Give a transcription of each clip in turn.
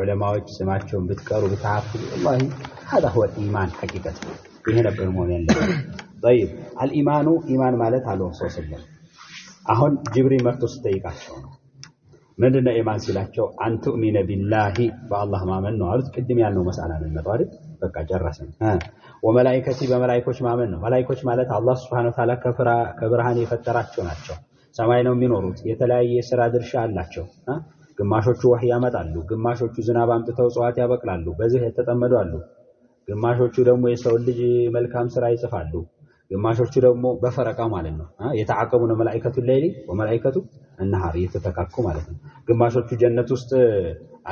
ዑለማዎች ስማቸውን ብትቀሩ ብትሐፍዙ ወላሂ هذا هو الإيمان ይሄ ነበር መሆን ያለ ይ አልኢማኑ ኢማን ማለት አለው ሰው ስለም አሁን ጅብሪል መርቶ ስጠይቃቸው ነው ምንድነው ኢማን ሲላቸው አንቱእሚነ ቢላሂ በአላህ ማመን ነው አሉት ቅድም ያልነው መሳላ ነው የሚመጣው አይደል በቃ ጨረስን ወመላይከቲ በመላይኮች ማመን ነው መላይኮች ማለት አላህ Subhanahu Ta'ala ከብርሃን የፈጠራቸው ናቸው ሰማይ ነው የሚኖሩት የተለያየ ስራ ድርሻ አላቸው ግማሾቹ ወህ ያመጣሉ፣ ግማሾቹ ዝናብ አምጥተው እጽዋት ያበቅላሉ፣ በዚህ የተጠመዱ አሉ። ግማሾቹ ደግሞ የሰውን ልጅ መልካም ስራ ይጽፋሉ። ግማሾቹ ደግሞ በፈረቃ ማለት ነው የተዓቀቡ ነው መላእክቱ ሌሊ ወመላእከቱ እነሃር እየተተካኩ ማለት ነው። ግማሾቹ ጀነት ውስጥ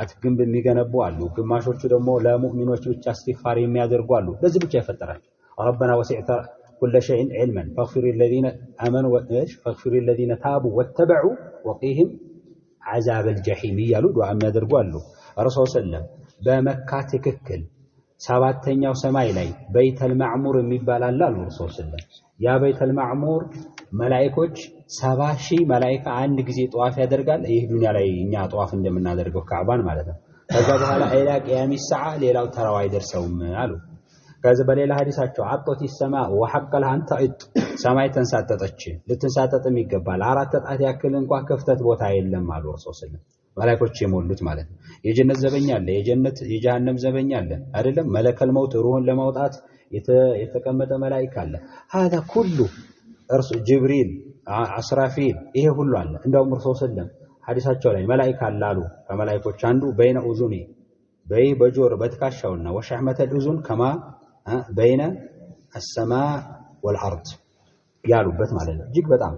አትግንብ የሚገነቡ አሉ። ግማሾቹ ደግሞ ለሙእሚኖች ብቻ እስትግፋር የሚያደርጉ አሉ። ለዚህ ብቻ ይፈጠራል። ረበና ወሲዕተ ኩለ ሸይን ዕልመን ፈግፊር ለዚነ አመኑ ፈግፊር ለዚነ ታቡ ወተበዑ ወቂህም ዓዛበል ጀሒም እያሉ ዱዓ የሚያደርጉ አሉ። ረሱል ሰለም በመካ ትክክል ሰባተኛው ሰማይ ላይ በይተል ማዕሙር የሚባል አለ አሉ ረሱል ሰለም። ያ በይተል ማዕሙር መላኢኮች ሰባ ሺህ መላኢካ አንድ ጊዜ ጠዋፍ ያደርጋል። ይህ ዱንያ ላይ እኛ ጠዋፍ እንደምናደርገው ካዕባን ማለት ነው። ከዛ በኋላ ኢላ ቅያሚ ሰዓ ሌላው ተራው አይደርሰውም አሉ ከዚህ በሌላ ሀዲሳቸው አጦት ሰማ ወሐቀል አንተ እጥ ሰማይ ተንሳጠጠች፣ ልትንሳጠጥም ይገባል። አራት ተጣት ያክል እንኳ ክፍተት ቦታ የለም አሉ እርሶ ስለ መላእክቶች የሞሉት ማለት ነው። የጀነት ዘበኛ አለ፣ የጀነት የጀሃነም ዘበኛ አለ አይደለም። መለከል መውት ሩህን ለማውጣት የተቀመጠ መላእክ አለ። هذا ኩሉ እርሱ ጅብሪል፣ አስራፊል ይሄ ሁሉ አለ። እንደውም እርሶ ስለም ሀዲሳቸው ላይ መላእክ አላሉ ከመላእክቶች አንዱ በይነ ኡዙኒ በይ በጆር በትካሻውና ወሻህመተል ኡዙን ከማ በይነ አሰማ ወልአርድ ያሉበት ማለት ነው። እጅግ በጣም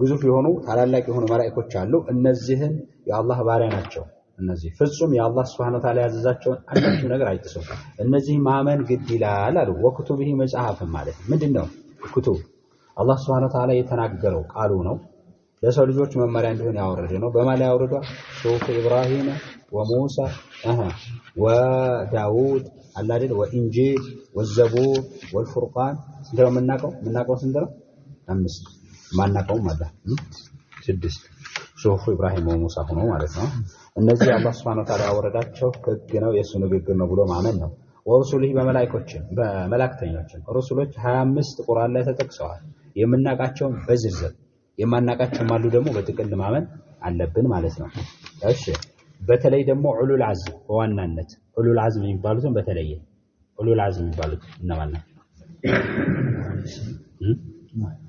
ግዙፍ የሆኑ ታላላቅ የሆኑ መላእኮች አሉ። እነዚህን የአላህ ባሪያ ናቸው። እነዚህ ፍጹም የአላህ ስብሐነ ወተዓላ ያዘዛቸውን አንዳችም ነገር አይጥሱም። እነዚህ ማመን ግድ ይላል አሉ። ወክቱብህ መጽሐፍም ማለት ምንድን ነው? ክቱብ አላህ ስብሐነ ወተዓላ የተናገረው ቃሉ ነው። ለሰው ልጆች መመሪያ እንዲሆን ያወረደ ነው። በማን ላይ ያወረዷል? ሱፍ ኢብራሂም ወሙሳ ወዳውድ አላደል ወኢንጂል ወዘቡር ወልፉርቃን ስንት ነው የምናውቀው? የምናውቀው ስንት ነው? አምስት ማናውቀውም አለ ስድስት ኢብራሂም ወሙሳ ሆኖ ማለት ነው። እነዚህ አላህ ሱብሓነሁ ወተዓላ ያወረዳቸው ህግ ነው፣ የእሱ ንግግር ነው ብሎ ማመን ነው። ወሩሱልህ በመላእክቶችን በመላእክተኞችን ሩሱሎች 25 ቁርአን ላይ ተጠቅሰዋል። የምናውቃቸውን በዝርዝር የማናቃቸው አሉ ደግሞ በጥቅል ማመን አለብን ማለት ነው። እሺ በተለይ ደግሞ ዑሉል አዝም በዋናነት ዑሉል አዝም የሚባሉትን በተለየ ዑሉል አዝም የሚባሉት እነማን ነው?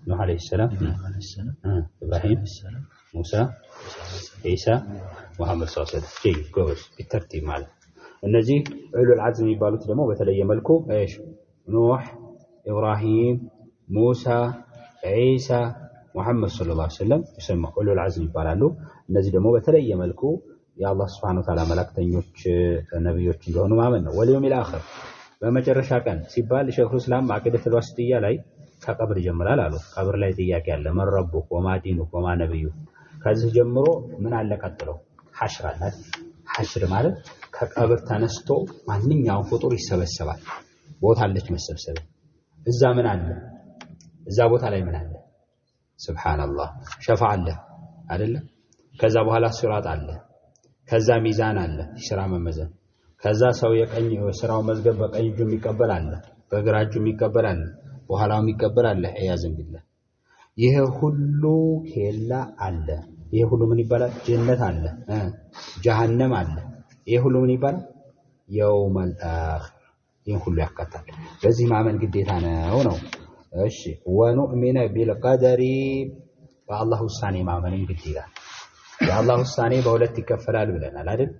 ኑህ ዓለይሂ ሰላም፣ ኢብራሂም፣ ሙሳ፣ ዒሳ፣ መሐመድ ሰለላሁ ዐለይሂ ወሰለም ጎበዝ ቢተርቲብ ማለት እነዚህ ዑሉል አዝም የሚባሉት ደግሞ በተለየ መልኩ ኑህ፣ ኢብራሂም፣ ሙሳ፣ ዒሳ ሙሐመድ ሰለላሁ ዐለይሂ ወሰለም ኡሉል ዐዝም ይባላሉ። እነዚህ ደግሞ በተለየ መልኩ የአላህ ሱብሓነሁ ወተዓላ መላእክተኞች ነቢዮች እንደሆኑ ማመን ነው። ወልየውሚል አኺር በመጨረሻ ቀን ሲባል ሸይኹል ኢስላም አቂደቱል ዋሲጥያ ላይ ከቀብር ይጀምራል አሉ። ቀብር ላይ ጥያቄ አለ። መን ረቡክ ወማ ዲኑክ ወማ ነቢዩ። ከዚህ ጀምሮ ምን አለ ቀጥሎ ሐሽር አለ። ሐሽር ማለት ከቀብር ተነስቶ ማንኛውም ፍጡር ይሰበሰባል። ቦታ አለች መሰብሰብ። እዛ ምን አለ? እዛ ቦታ ላይ ምን አለ? ስብሓንላህ ሸፋ አለ አደለ? ከዛ በኋላ ሲራጥ አለ። ከዛ ሚዛን አለ፣ ስራ መመዘን። ከዛ ሰው የቀኝ ስራው መዝገብ በቀኝ እጁ የሚቀበል አለ፣ በግራ እጁ የሚቀበል አለ፣ በኋላው የሚቀበል አለ። እያዝም ቢላ ይሄ ሁሉ ኬላ አለ። ይሄ ሁሉ ምን ይባላል? ጀነት አለ፣ ጀሃነም አለ። ይሄ ሁሉ ምን ይባላል? የውመል አኺር። ይህን ሁሉ ያካታል። በዚህ ማመን ግዴታ ነው ነው እሺ ወኑእሚነ ቢልቀደሪ በአላህ ውሳኔ ማመንም ግድ ይላል። የአላህ ውሳኔ በሁለት ይከፈላል ብለናል አይደል?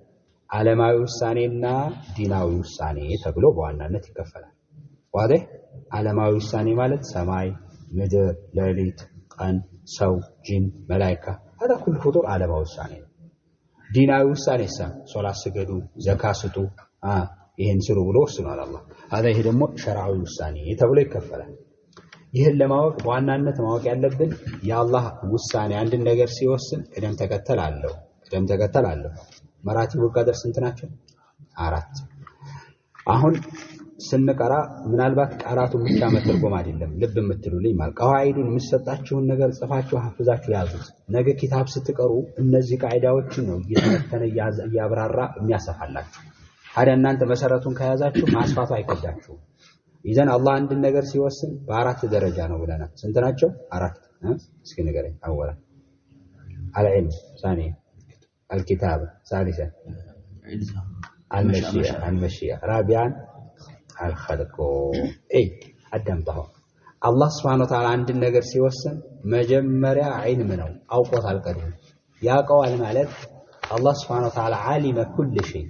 ዓለማዊ ውሳኔና ዲናዊ ውሳኔ ተብሎ በዋናነት ይከፈላል። ዋዴ ዓለማዊ ውሳኔ ማለት ሰማይ፣ ምድር፣ ሌሊት፣ ቀን፣ ሰው፣ ጂን፣ መላይካ አዳ ኩል ፍጡር ዓለማዊ ውሳኔ ነው። ዲናዊ ውሳኔ ሰ ሶላት ስገዱ፣ ዘካ ስጡ፣ ይህን ስሩ ብሎ ወስኗል አላህ። አዳ ይሄ ደግሞ ሸርዓዊ ውሳኔ ተብሎ ይከፈላል። ይህን ለማወቅ በዋናነት ማወቅ ያለብን የአላህ ውሳኔ አንድን ነገር ሲወስን ቅደም ተከተል አለው። ቅደም ተከተል አለው። መራቲቡል ቀደር ስንት ናቸው? አራት። አሁን ስንቀራ ምናልባት ቃላቱን ብቻ መተርጎም አይደለም ልብ የምትሉልኝ ማለት ቀዋይዱን የምሰጣችሁን ነገር ጽፋችሁ ሀፍዛችሁ ያዙት። ነገ ኪታብ ስትቀሩ እነዚህ ቃይዳዎችን ነው እየተነተነ እያብራራ የሚያሰፋላችሁ። ታዲያ እናንተ መሰረቱን ከያዛችሁ ማስፋቱ አይከዳችሁም። إذا الله عند النجار سيوسن بعرف درجة أنا ولا أنا سنت ناتشو عرف سكين نجار أولا العلم ثانية الكتاب ثالثا المشيئة المشيئة رابعا الخلق أي أدم طه الله سبحانه وتعالى عند النجار سيوسن مجمرة عين منه أو قط القديم يا قوى المعلد الله سبحانه وتعالى عالم كل شيء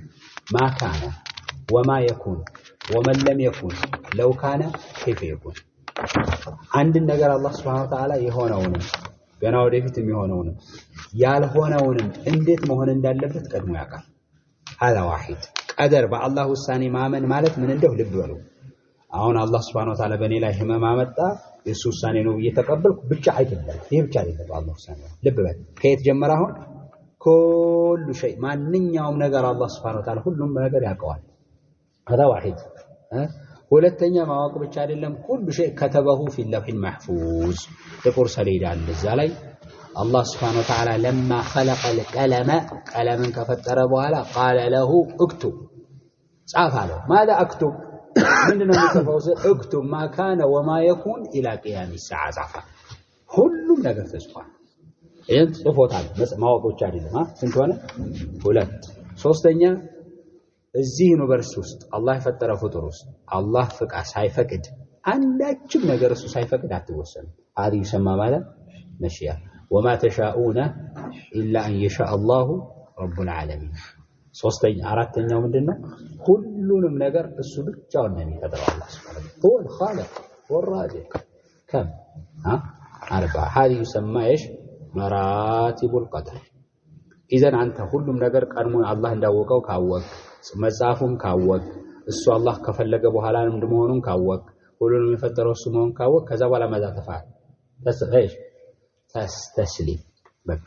ما كان وما يكون ወመለም ለም የኩን ለው ካነ ከይፈ የኩን አንድን ነገር አላህ ስብሐነ ወተዓላ የሆነውንም ገና ወደፊት የሚሆነውንም ያልሆነውንም እንዴት መሆን እንዳለበት ቀድሞ ያውቃል። ሀዛ ዋሂድ ቀደር በአላህ ውሳኔ ማመን ማለት ምን እንደው ልብ በሉ። አሁን አላህ ስብሐነ ወተዓላ በእኔ ላይ ህመም አመጣ የእሱ ውሳኔ ነው እየተቀበልኩ ብቻ አይደለም። ይህ ብቻ አይደለም። አላህ ውሳኔ ልብ በል። ከየት ጀመረ? አሁን ኩሉ ሸይ ማንኛውም ነገር አላህ ስብሐነ ወተዓላ ሁሉም ነገር ያውቀዋል። هذا واحد ها ما أقول بشار لهم كل شيء كتبه في اللوح المحفوظ تقول سليل على الزلي الله سبحانه وتعالى لما خلق الكلمة كلمة كفتر أبوها قال له اكتب صعف له ماذا اكتب من دون المتفوز اكتب ما كان وما يكون إلى قيام الساعة صعفا كل نجم في السماء أنت صفوت على بس ما هو بتشاري لهم ها سنتوانا ولد እዚህ ዩኒቨርስ ውስጥ አላህ የፈጠረ ፍጡር ውስጥ አላህ ፍቃ ሳይፈቅድ አንዳችም ነገር እሱ ሳይፈቅድ አትወሰኑ። አሪ ይሰማ ማለ መሽያ ወማ ተሻኡነ ኢላ አን የሻ አላሁ ረቡል ዓለሚን። ሶስተኛ አራተኛው ምንድን ነው? ሁሉንም ነገር እሱ ብቻውን ነው የሚፈጥረው። አላ ስብን ሁወል ኻሊቅ ወራዚቅ ከም አርባ ሀዲ ይሰማ የሽ መራቲቡል ቀደር። ኢዘን አንተ ሁሉም ነገር ቀድሞን አላህ እንዳወቀው ካወቅ መጽሐፉን ካወቅ እሱ አላህ ከፈለገ በኋላ እንደመሆኑን ካወቅ ሁሉንም የፈጠረው እሱ መሆኑን ካወቅ ከዛ በኋላ መዛ ተፋል ተስተስሊም በቃ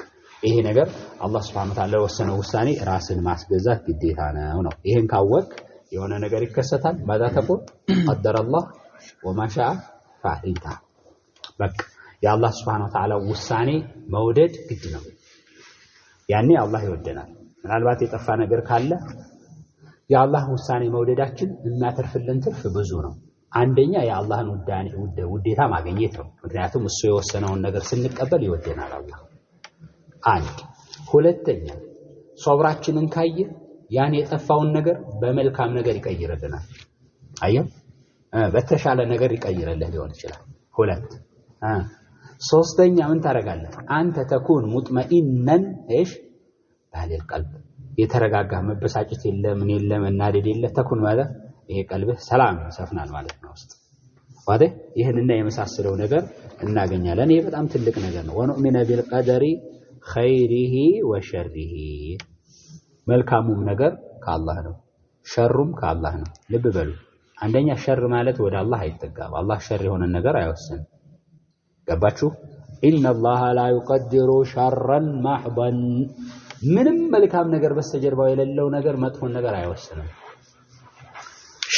ይሄ ነገር አላህ Subhanahu Ta'ala ለወሰነው ውሳኔ ራስን ማስገዛት ግዴታ ነው ነው። ይሄን ካወቅ የሆነ ነገር ይከሰታል። ማዛ ተቆ ቀደረ አላህ ወማ ሻአ ፈዐል። በቃ የአላህ Subhanahu Ta'ala ውሳኔ መውደድ ግድ ነው። ያኔ አላህ ይወደናል። ምናልባት የጠፋ ነገር ካለ የአላህ ውሳኔ መውደዳችን የሚያተርፍልን ትርፍ ብዙ ነው። አንደኛ የአላህን ውዴታ ማግኘት ነው። ምክንያቱም እሱ የወሰነውን ነገር ስንቀበል ይወደናል አላህ። አንድ ሁለተኛ ሶብራችንን ካየ ያን የጠፋውን ነገር በመልካም ነገር ይቀይርልናል። አየው በተሻለ ነገር ይቀይርልህ ሊሆን ይችላል። ሁለት ሶስተኛ ምን ታደርጋለህ? አንተ ተኩን ሙጥመኢነን ሽ ባህሌል ቀልብ የተረጋጋ መበሳጨት የለ ምን የለ መናደድ የለ ተኩን ማለ ይሄ ቀልብህ ሰላም ሰፍናል ማለት ነው ውስጥ ዋደ ይህንና የመሳሰለው ነገር እናገኛለን። ይህ በጣም ትልቅ ነገር ነው። ወኑእሚነ ቢልቀደሪ ኸይሪሂ ወሸሪሂ መልካሙም ነገር ከአላህ ነው፣ ሸሩም ከአላህ ነው። ልብ በሉ አንደኛ ሸር ማለት ወደ አላህ አይጠጋም። አላህ ሸር የሆነን ነገር አይወስንም። ገባችሁ? ኢነላሃ ላ ዩቀድሩ ሸረን ማሕበን ምንም መልካም ነገር በስተጀርባው የሌለው ነገር መጥፎን ነገር አይወስንም።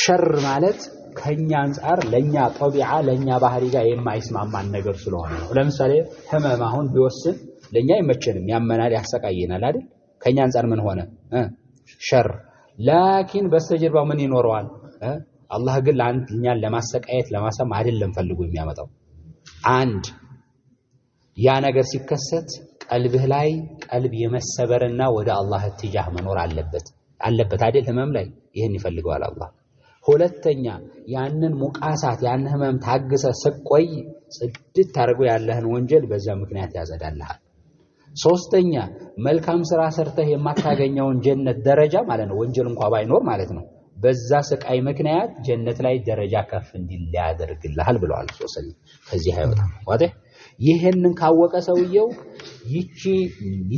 ሸር ማለት ከኛ አንጻር ለኛ ጠቢዓ ለኛ ባህሪ ጋር የማይስማማን ነገር ስለሆነ ነው። ለምሳሌ ህመም አሁን ቢወስን ለኛ አይመቸንም፣ ያመናል፣ ያሰቃየናል አይደል? ከኛ አንጻር ምን ሆነ ሸር። ላኪን በስተጀርባው ምን ይኖረዋል? አላህ ግን እኛን ለማሰቃየት ለማሰማ አይደለም ፈልጎ የሚያመጣው አንድ ያ ነገር ሲከሰት ቀልብህ ላይ ቀልብ የመሰበርና ወደ አላህ እትጃህ መኖር አለበት አለበት አይደል? ህመም ላይ ይህን ይፈልገዋል አላህ። ሁለተኛ ያንን ሙቃሳት ያን ህመም ታግሰ ስቆይ ጽድት አድርጎ ያለህን ወንጀል በዛ ምክንያት ያጸዳልሃል። ሶስተኛ መልካም ስራ ሰርተህ የማታገኘውን ጀነት ደረጃ ማለት ነው፣ ወንጀል እንኳ ባይኖር ማለት ነው። በዛ ስቃይ ምክንያት ጀነት ላይ ደረጃ ከፍ እንዲል ያደርግልሃል ብለዋል። ሶስት ከዚህ አይወጣም ይሄንን ካወቀ ሰውየው ይቺ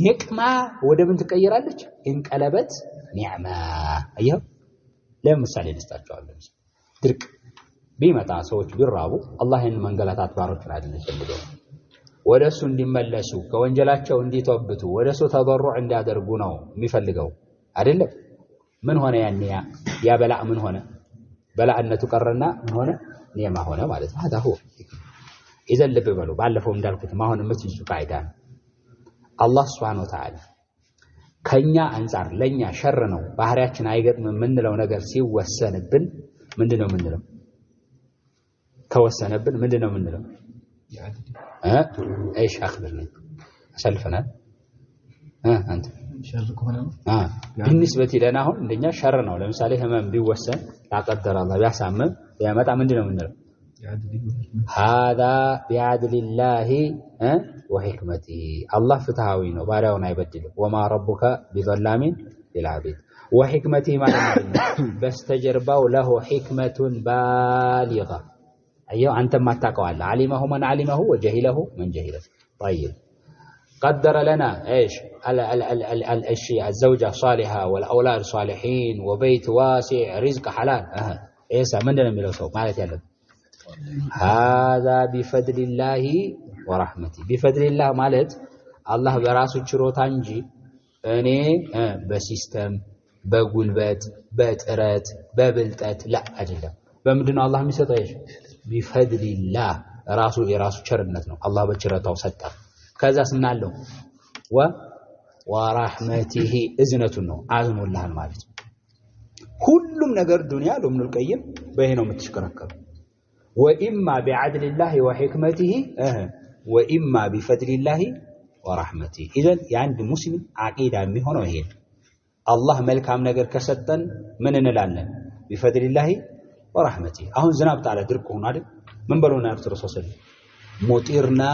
ኒቅማ ወደ ምን ትቀየራለች? እንቀለበት ኒዕማ። አየኸው? ለምሳሌ ልስጣቸዋለሁ። ድርቅ ቢመጣ ሰዎች ቢራቡ አላህ ይህን መንገላታት ባሮችን አይደለም ፈልገው ወደ እሱ እንዲመለሱ ከወንጀላቸው እንዲተብቱ ወደ እሱ ተበሩዕ እንዲያደርጉ ነው የሚፈልገው አይደለም። ምን ሆነ ያን ያ በላእ ምን ሆነ? በላእነቱ ቀረና ምን ሆነ? ኒዕማ ሆነ ማለት ነው። የዘለብ በሉ ባለፈው እንዳልኩት ማሆን የምትይዙ ቃይዳ ነው። አላህ ስብሐነ ወተዓላ ከኛ አንጻር ለኛ ሸር ነው ባህሪያችን አይገጥም የምንለው ነገር ሲወሰንብን ምንድን ነው የምንለው? ተወሰነብን ምንድን ነው የምንለው? እሺ አክብርልኝ አሳልፈናል። አንተ ቢኒስበት ይለን አሁን እንደኛ ሸር ነው። ለምሳሌ ህመም ቢወሰን ላቀደር አላህ ቢያሳምም ቢያመጣ ምንድን ነው የምንለው? هذا بعدل الله وحكمته الله فتحوينه باريونا يبدل وما ربك بظلام للعبيد وحكمتي ما بس تجربه له حكمة بالغة أيها أنت ما تقوى علمه من علمه وجهله من جهله طيب قدر لنا إيش ال ال ال ال الأشياء الزوجة صالحة والأولاد صالحين وبيت واسع رزق حلال أه. إيسا من دلنا ملوسه ما لا ሀዛ ቢፈድሊላሂ ወራህመቲ ቢፈድሊላህ ማለት አላህ በራሱ ችሮታ እንጂ እኔ በሲስተም በጉልበት በጥረት በብልጠት ላ አይደለም። በምንድነው አላህ የሚሰጠው? ይሽ ቢፈድሊላህ ራሱ የራሱ ቸርነት ነው። አላህ በችረታው ሰጠ። ከዛ ስናለው ወ ወራህመቲሂ እዝነቱን ነው አዝኖልሃል ማለት ሁሉም ነገር ዱንያ ለምኑል ቀይም በይሄ ነው የምትሽከረከሩ وإما بعدل الله وحكمته وإما بفضل الله ورحمته إذا يعني مسلم عقيدة مهنو وهي الله ملك عم نجر كسدا من نلعنن بفضل الله ورحمته أهون زناب تعالى دركونا من بلونا أكثر صلى مطيرنا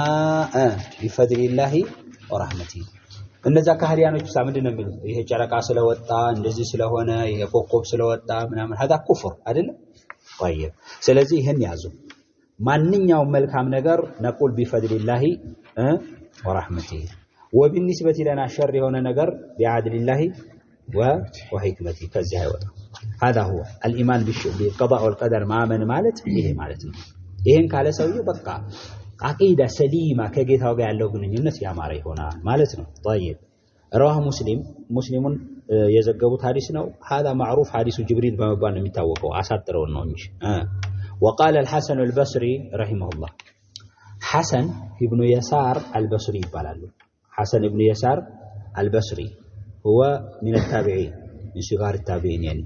أه، بفضل الله ورحمته إن ذا كهريان يستعمل لنا ملو إيه جارك عسل وطا نزي سلوهنا إيه فوقوب سلوهنا هذا كفر أدلنا طيب سلازي هن يازو ما نين يوم ملك هم نجر نقول بفضل الله ورحمته وبالنسبة لنا شر هنا نقر بعدل الله وحكمته كزيها وضع هذا هو الإيمان بالقضاء والقدر ما من مالت إيه مالت إيهن قال سوي بقى عقيدة سليمة كي تاوغي اللوغن ينسي عماري هنا مالتنا طيب رواه مسلم مسلم يزقبو حديث هذا معروف حديث جبريل بما بان متوقعه اساطروا النومش وقال الحسن البصري رحمه الله حسن ابن يسار البصري يبالالو حسن ابن يسار البصري هو من التابعين من صغار التابعين يعني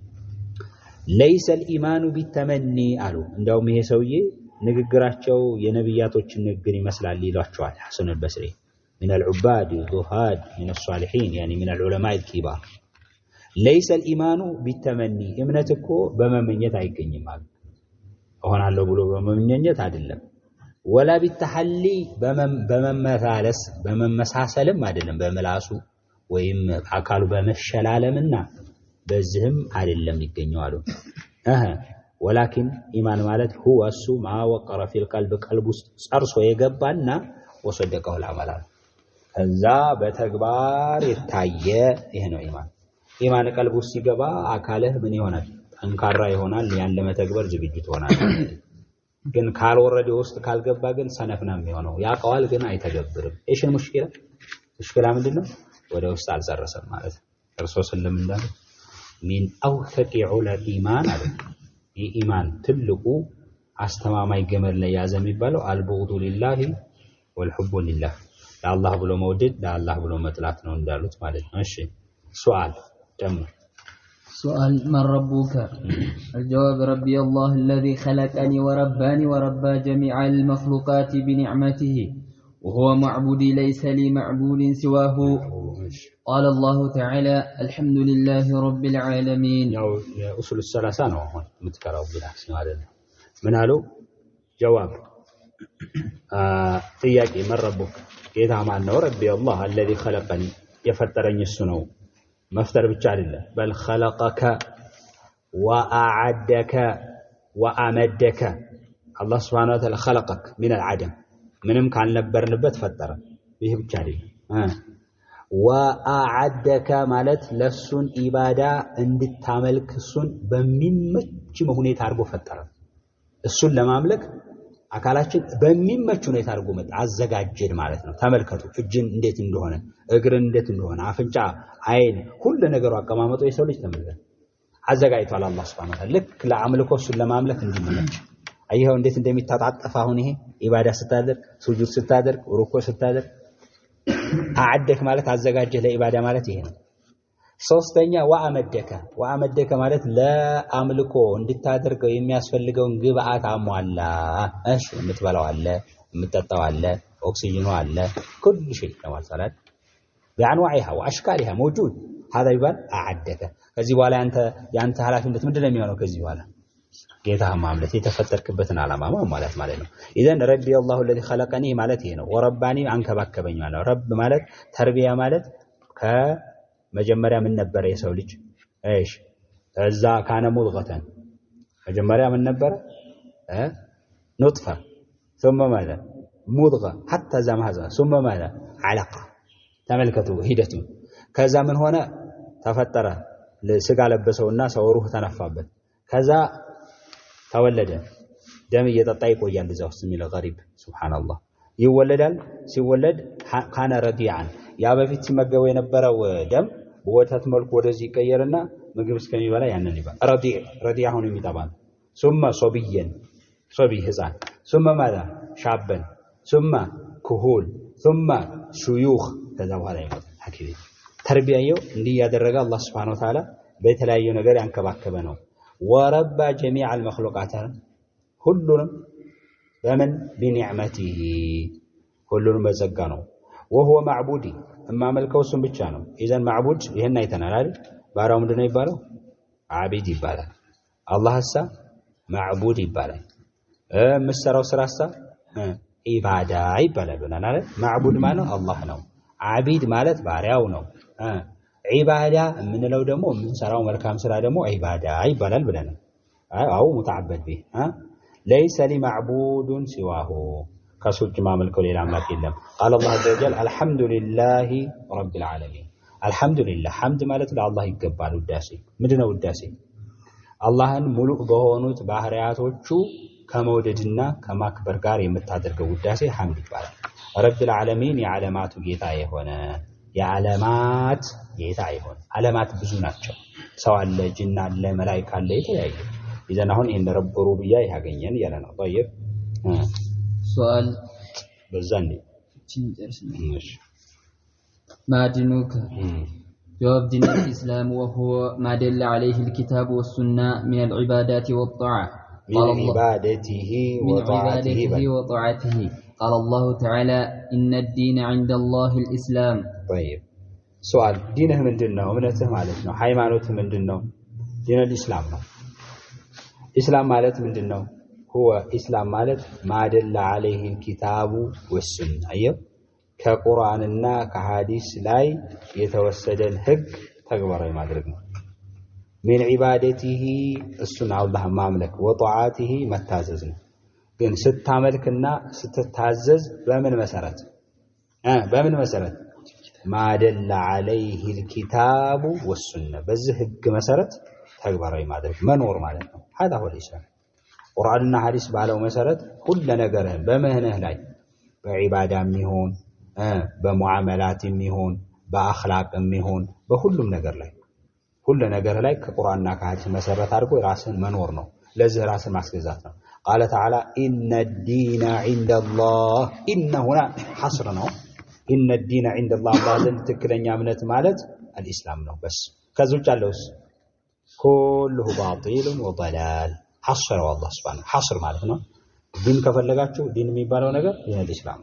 ليس الايمان بالتمني قالوا انداو ميه سويه نغغراچو ينبياتوچ نغغري مسلال ليلواچوال حسن البصري من العباد والزهاد من الصالحين يعني من العلماء الكبار ليس الإيمان بالتمني እምነት እኮ በመመኘት አይገኝም ማለት እሆናለሁ ብሎ በመመኘት አይደለም ወላ ቢተሐሊ በመመላለስ በመመሳሰልም አይደለም በምላሱ ወይም አካሉ በመሸላለምና በዚህም አይደለም ይገኘዋሉ እህ ወላኪን ኢማን ማለት ሁወ እሱ ማወቀረ ፊል ቀልብ ቀልብ ውስጥ ጸርሶ የገባና ወሰደቀው ለአመላል ከዛ በተግባር የታየ ይሄ ነው ኢማን። ኢማን ቀልብ ውስጥ ሲገባ አካልህ ምን ይሆናል? ጠንካራ ይሆናል። ያን ለመተግበር ዝግጁ ትሆናለህ። ግን ካልወረደ ውስጥ ካልገባ ግን ሰነፍ ነው የሚሆነው። ያውቀዋል ግን አይተገብርም። እሺ ሙሽኪላ ሙሽኪላ ምንድን ነው? ወደ ውስጥ አልጨረሰም ማለት ነው። እርሶ ስልም እንዳለ ሚን አውፈቂ ዑለል ኢማን አለ። የኢማን ትልቁ አስተማማኝ ገመድ ላይ ያዘ የሚባለው አልቡግዱ ሊላሂ ወልሑቡ ሊላህ ለአላህ ብሎ መውደድ ለአላህ ብሎ መጥላት ነው እንዳሉት ማለት ነው። እሺ ሱዓል ደግሞ سؤال من ربك الجواب ربي الله الذي خلقني ورباني وربى جميع المخلوقات بنعمته وهو معبودي ليس لي معبود سواه قال الله تعالى الحمد لله رب العالمين أصل الثلاثة هون متكرر بالأحسن من قالوا جواب آه. طيب من ربك ጌታ ማን ነው? ረቢ አላህ አለዚ ኸለቀኒ የፈጠረኝ እሱ ነው። መፍጠር ብቻ አይደለም፣ በል ኸለቀከ ወአዓደከ ወአመደከ። አላህ ስብሓነ ወተዓላ ኸለቀክ ሚነል ዓደም ምንም ካልነበርንበት ፈጠረ። ይህ ብቻ አይደለም። ወአዓደከ ማለት ለሱን ኢባዳ እንድታመልክ እሱን በሚመች ሁኔታ አድርጎ ፈጠረ። እሱን ለማምለክ አካላችን በሚመች ሁኔታ አድርጎ መጣ አዘጋጀን ማለት ነው። ተመልከቱ እጅን እንዴት እንደሆነ፣ እግርን እንዴት እንደሆነ፣ አፍንጫ፣ አይን፣ ሁሉ ነገሩ አቀማመጡ የሰው ልጅ ተመልከት አዘጋጅቷል አላህ ሱብሓነሁ ወተዓላ ልክ ለአምልኮ እሱን ለማምለክ እንዲመች አየኸው እንዴት እንደሚታጣጠፍ አሁን ይሄ ኢባዳ ስታደርግ፣ ሱጁድ ስታደርግ፣ ሩኮ ስታደርግ አዓደክ ማለት አዘጋጀህ ለኢባዳ ማለት ይሄ ነው። ሶስተኛ ወአመደከ ወአመደከ ማለት ለአምልኮ እንድታደርገው የሚያስፈልገውን ግብአት አሟላ። እሺ የምትበላው አለ፣ የምትጠጣው አለ፣ ኦክሲጅኑ አለ። ኩል ሺ ነዋል ሰላት በአንዋዕሃ ወአሽካሊሃ መውጁድ هذا ይባል አዓደከ። ከዚህ በኋላ ያንተ ያንተ ኃላፊነት ምንድን ነው የሚሆነው? ከዚህ በኋላ ጌታ ማምለት የተፈጠርክበትን ዓላማ ማለት ማለት ነው። ኢዘን ረቢ አላሁ ለዚ خلقني ማለት ይሄ ነው። ወረባኒ አንከባከበኝ ማለት ረብ ማለት ተርቢያ ማለት ከ መጀመሪያ ምን ነበረ የሰው ልጅ? እሺ እዛ ካነ ሙድገተን መጀመሪያ ምን ነበረ? ኑጥፈ ثم ماذا ሙድገ حتى ዛም ثم ماذا علقة ተመልከቱ ሂደቱ። ከዛ ምን ሆነ? ተፈጠረ ስጋ ለበሰውና ሰው ሩህ ተነፋበት። ከዛ ተወለደ። ደም እየጠጣ ይቆያል እዛ ውስጥ የሚለው ገሪብ ሱብሃነላህ። ይወለዳል። ሲወለድ ካነ ረዲዓን ያ በፊት ሲመገበው የነበረው ደም በወተት መልኩ ወደዚህ ይቀየርና ምግብ እስከሚበላ ያንን ይበል። ረዲዕ ረዲዕ አሁን የሚጠባ ነው። ሱመ ሶብየን ሶቢ ህፃን፣ ሱመ ማዛ ሻበን፣ ሱመ ክሁል፣ ሱመ ሹዩኽ ከዛ በኋላ ይሞታል። ሐኪም ተርቢያየው እንዲህ እያደረገ አላህ ስብሓነሁ ወተዓላ በተለያዩ ነገር ያንከባከበ ነው። ወረባ ጀሚዕ አልመክሉቃት ሁሉንም በምን ቢኒዕመቲሂ ሁሉንም በጸጋ ነው። ወሁወ ማዕቡዲ የማመልከው እሱን ብቻ ነው። ኢዘን ማዕቡድ ይህን አይተናል አይደል? ባሪያው ምንድን ነው ይባለው? አቢድ ይባላል። አላህ ሳ ማዕቡድ ይባላል። የምሰራው ስራ ሳ ኢባዳ ይባላል ብለናል አይደል? ማዕቡድ ማለት አላህ ነው። አቢድ ማለት ባሪያው ነው። ዒባዳ የምንለው ደግሞ የምንሰራው መልካም ስራ ደግሞ ኢባዳ ይባላል ብለናል። አው ሙተዓበድ ቢህ ለይሰ ሊማዕቡዱን ሲዋሁ ከሱ ውጭ ማመልከው ሌላ አምላክ የለም። ቃል አላህ አዘወጀል አልሐምዱሊላሂ ረቢል ዓለሚን። አልሐምዱሊላህ ሐምድ ማለት ለአላህ ይገባል። ውዳሴ ነው? ውዳሴ አላህን ሙሉእ በሆኑት ባህሪያቶቹ ከመውደድና ከማክበር ጋር የምታደርገው ውዳሴ ሐምድ ይባላል። ረቢል ዓለሚን የዓለማቱ ጌታ የሆነ የዓለማት ጌታ የሆነ ዓለማት ብዙ ናቸው። ሰው አለ፣ ጅን አለ፣ መላይካ አለ፣ የተለያየ ይዘን አሁን ይህን ረብ ሩብያ ያገኘን እያለ ነው ይብ سؤال بزاني ماشي ما دينك جواب دين الإسلام وهو ما دل عليه الكتاب والسنة من العبادات والطاعة من عبادته وطاعته من عبادته وطاعته قال الله تعالى إن الدين عند الله الإسلام طيب سؤال دينه مندن ነው እምነትህ ማለት ነው ሃይማኖትህ ምንድን ነው ዲን الإسلام ነው ኢስላም ማለት ምንድን ነው هو إسلام مالت ما دل عليه الكتاب والسنة أيه كقرآن النا كحديث لا يتوسد الهج تكبر ما درجنا من عبادته السنة الله ما ملك وطاعته ما تعززنا إن ست عملك النا ست تعزز بمن مسرت آه بمن مسرت ما دل عليه الكتاب والسنة بزهج مسرت تكبر ما درج منور مالتنا هذا هو الإسلام ቁርአንና ሐዲስ ባለው መሰረት ሁለ ነገርህ በምህንህ ላይ በዒባዳ የሚሆን በሙዓመላት የሚሆን በአኽላቅ የሚሆን በሁሉም ነገር ላይ ሁሉ ነገር ላይ ከቁርአንና ከሐዲስ መሰረት አድርጎ ራስን መኖር ነው። ለዚህ ራስን ማስገዛት ነው። ቃለ ተዓላ ኢነ ዲነ ዒንደላህ ኢነ ሁና ሐስር ነው። ኢነ ዲነ ዒንደላህ አላህ ዘንድ ትክክለኛ እምነት ማለት አልኢስላም ነው። በስ ከዚህ ውጭ አለውስ ኩሉሁ ባጢሉን ወበላል ሐሰረው አላህ ስብሐነ ሐስር ማለት ነው። ዲን ከፈለጋችሁ ዲን የሚባለው ነገር ይሄ ኢስላም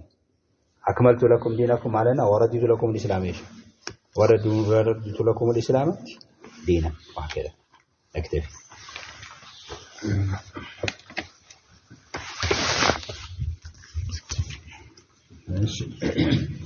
አክመልቱ ለኩም ዲነኩም ማለና ወረዲቱ ለኩም ኢስላም ይሽ ወረዱ ወረዲቱ ለኩም ኢስላም ዲነ اكتب ماشي